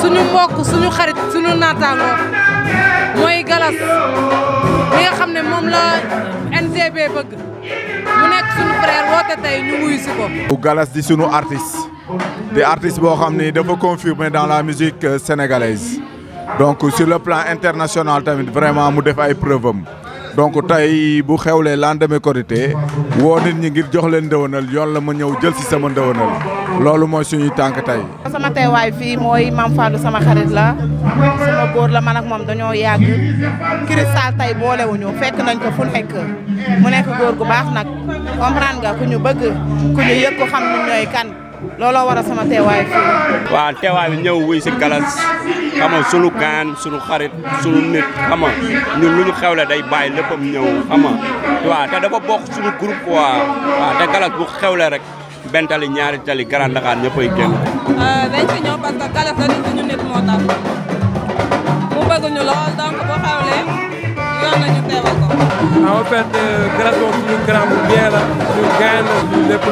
suñu mbokk suñu xarit suñu naataangoo mooy galas li nga xam ne moom la NGB bëgg mu nekk suñu frère woote tey ñu wuyu si ko. bu galas di suñu artiste di artiste boo xam ni dafa confirmé dans la musique sénégalaise donc sur le plan international tamit vraiment mu def ay preuve am donc tey bu xewlee lendemain Korité woo nit ñi ngir jox leen ndëwënal yoon la ma ñëw jël si sama ndëwënal loolu mooy suñuy tànk tey. sama teewaay fii mooy Mame Fallou sama xarit la sama góor la man ak moom dañoo yàgg cristal tey boolewuñu fekk nañ ko fu nekk mu nekk góor gu baax nag comprendre nga ku ñu bëgg ku ñu yëg ko xam ñun ñooy kan. looloo waral sama teewaay fii. waaw teewaay bi ñëw wuy si galas xam sunu gaan sunu xarit sunu nit xam nga ñun lu xewle day bàyyi léppam ñëw xam nga waaw te dafa bokk sunu groupe quoi waaw te galas bu xewle rek benn tali ñaari tali Grand Dakar ñëppay génn. Euh, dañ fi ñëw nit moo tax mu bëgg ñu lool donc bu xewle yoon nañu teewal ko. en fait euh, galas moom suñu grand bu bien la suñu gain la suñu lépp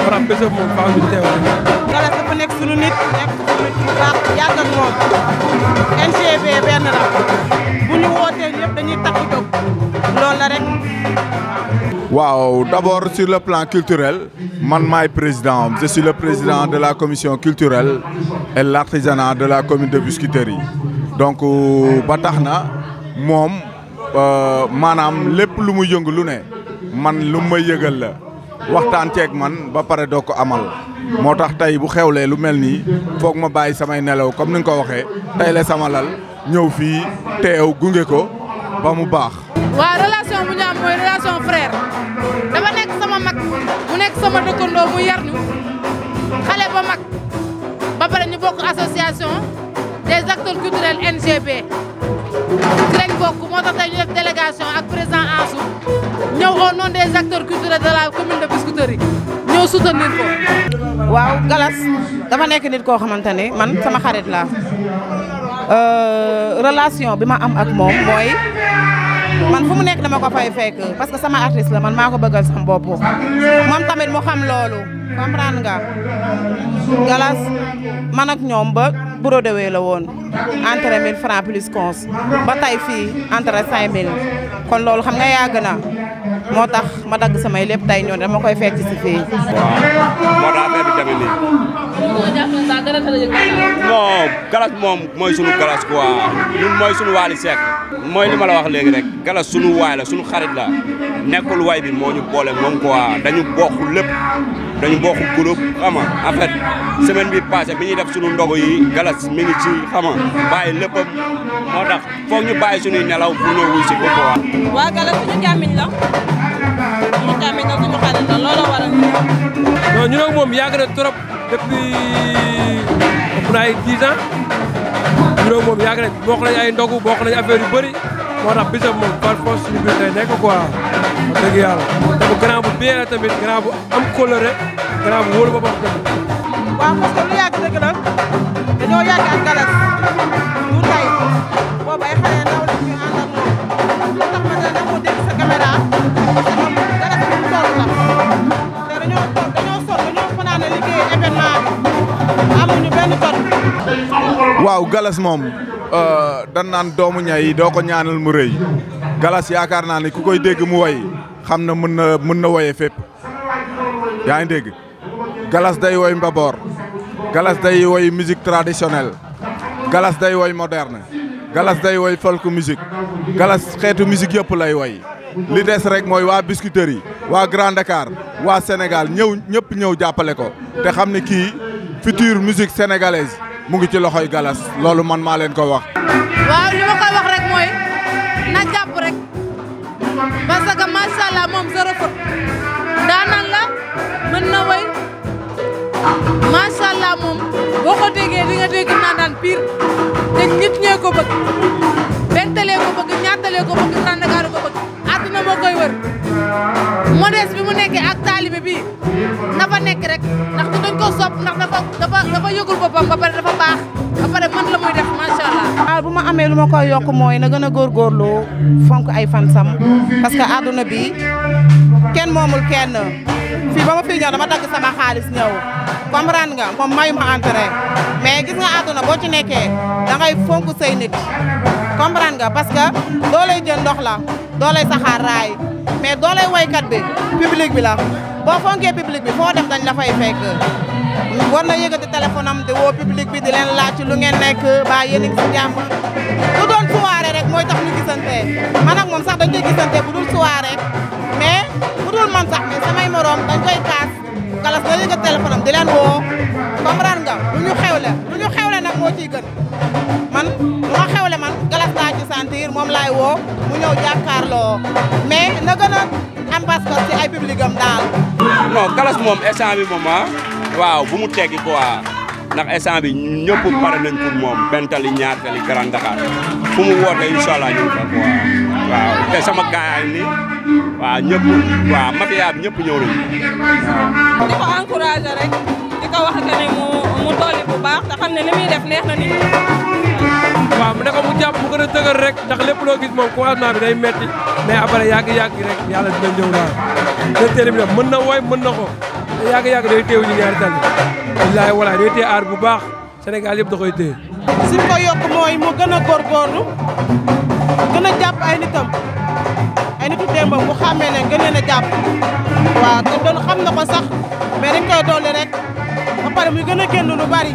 dafa am bésam moom faaw ñu teew Galas dafa nekk suñu nit nekk suñu ci bu baax yàgg ak moom NGV benn la bu ñu wootee ñëpp dañuy takk jóg loolu la rek waaw d'abord sur le plan culturel man maay président je suis le président de la commission culturelle et l'artisanat de la commune de Biscuiterie donc euh, ba tax na euh, manam lepp lu mu yeung lu ne man lu may yëgal la waxtaan ceeg man ba pare doo ko amal moo tax tey bu xewlee lu mel nii foog ma bàyyi samay nelaw comme ni nga ko waxee tey la sama lal ñëw fii teew gunge ko ba mu baax. waaw relation bu ñu am sama mag mu sama dëkkandoo yar ñu xale ba mag ba pare ñu bokk association des acteurs culturels moo tax tey ñu def délégation ak. au nom des acteurs culturels de la commune de Biscuiterie ñoo soutenir waaw Galas dama nekk nit koo xamante ne man sama xarit laa euh, relation bi ma am ak moom mooy man fu mu nekk dama ko fay fekk parce que sama artiste la man maa ko bëggal sama bopp moom tamit mu xam loolu comprendre nga Galas man ak ñoom ba brodewee la woon entre 1000 francs plus cons ba tay fii entre 5000 kon loolu xam nga yàgg na moo tax ma dagg samay lépp tay ñoon dama koy fekk si fii. waaw moo tax affaire bi demee nii. non galas moom mooy suñu galas quoi ñun mooy suñu Wally Seck. mooy li ma la wax léegi rek galas suñu waay la sunu xarit la nekkul waay bi moo ñu boole moom quoi dañu bokk lépp. dañu bokk groupe xama en fait semaine bi passé bi ñuy def suñu ndogu yi galas mi ngi ci xama bàyyi léppam moo tax foog ñu bàyyi suñuy nelaw bu ñëw wuy si ko waa galas suñu càmmiñ la suñu càmmiñ la suñu xarit la looloo waral. non ñu nag moom yàgg na trop depuis ëpp na ay 10 ans ñu nag moom yàgg nañ bokk nañ ay ndogu bokk nañ affaire bëri moo tax bisam moom par force suñu biir tey nekk wax dëgg yàlla bu bu bee tamit grand bu am coloré grand bu wóolu ba baax tamit. waaw parce yàgg dëgg la dañoo galas du tey boobu ay xale ndaw lañ fi àndal moom lu tax ma ne la moo sa caméra galas bi mu la te dañoo dañoo sonn dañoo fanaan liggéey événement bi amuñu benn jot. waaw galas moom euh, dan naan doomu ñay doo ko ñaanal mu rëy. Galas yaakaar naa ne ku koy dégg mu woy xam na mën na mën na woyee fépp yaa ngi dégg Galas day woy mbaboor Galas day woy musique traditionnelle Galas day woy moderne Galas day woy folk musique Galas xeetu musique yëpp lay woy li des rek mooy waa Biscuiterie yi waa Grand Dakar waa Sénégal ñëw ñëpp ñëw jàppale ko te xam ne kii future musique sénégalaise mu ngi ci loxoy Galas loolu man maa leen ko wax waaw li ma koy wax rek mooy zéro faute mën na way macha allah moom boo ko déggee di nga dégg naandaan pire te nit ñee ko bëgg bentalee ko bëgg ñaatalee ko bëgg Grand Dakar ko bëgg koy wër modeste bi mu nekkee ak taalibe bi na fa nekk rek ndax dañ ko sopp ndax dafa dafa yëgul boppam ba pare dafa baax ba pare mën la muy amee lu ma koy yokk mooy na gën a góorgóorlu fonk ay fansam parce que àdduna bi kenn moomul kenn fii ba ma fii ñëw dama dagg sama xaalis nga moom mayu ma entrain mais gis nga àdduna boo ci nekkee da ngay fonk say nit comprendre nga parce que doolay jën ndox la doolay saxaar raay mais doolay waykat bi public bi boo fonkee public bi foo dem dañ la fay fekk war na yëgati di woo public bi di leen laaj lu ngeen nekk ba yéen a ngi si jàmm lu doon soirée rek mooy tax ñu gisante man ak moom sax dañ koy bu dul soirée mais bu dul man sax mais samay moroom dañ koy kaas kalas na yëgati di leen woo comprendre nga lu ñu xewle lu ñu xewle nag moo ciy gën man moo xewle man galas laa ci sentir moom laay woo mu ñëw jàkkaarloo mais na gën a am pas non kalas moom instant bi moom ah, waaw bu mu teggi quoi ndax instant bi ñëpp pare nañ pour moom benn tali ñaar Dakar fu mu woote incha waaw te sama gars ni waaw ñëpp waaw mafia bi ñëpp ñëw nañu waaw. di ko encouragé rek di ko wax que mu dolli bu baax te xam ne ni def neex na nit waaw mu ne ko mu jàpp mu gën a dëgër rek ndax lépp loo gis moom commencement bi day metti mais après yàgg-yàgg rek yàlla dina ñëw daal te télé bi nag mën na woy mën na ko te yàgg-yàgg day téew ñu ñaari tali wallaahi wallaahi day téye aar bu baax Sénégal yëpp da koy téye suñ ko yokk mooy mu gën a góorgóorlu gën a jàpp ay nitam ay nitu démbam bu xàmmee gën leen a jàpp waaw xam na ko sax mais dañ koy dolli rek ba pare gën a génn bari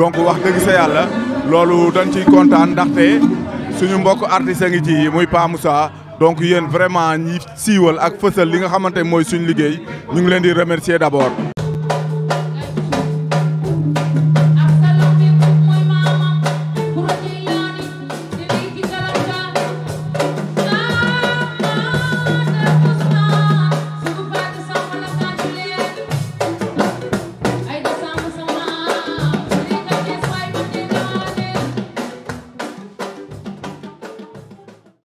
donc wax dëgg sa yàlla loolu dañ ciy kontaan ndaxte suñu mbokk artistes ngi ci muy Pa Moussa donc yéen vraiment ñi siiwal ak fësal li nga xamante mooy suñu liggéey ñu ngi leen di remercier d'abord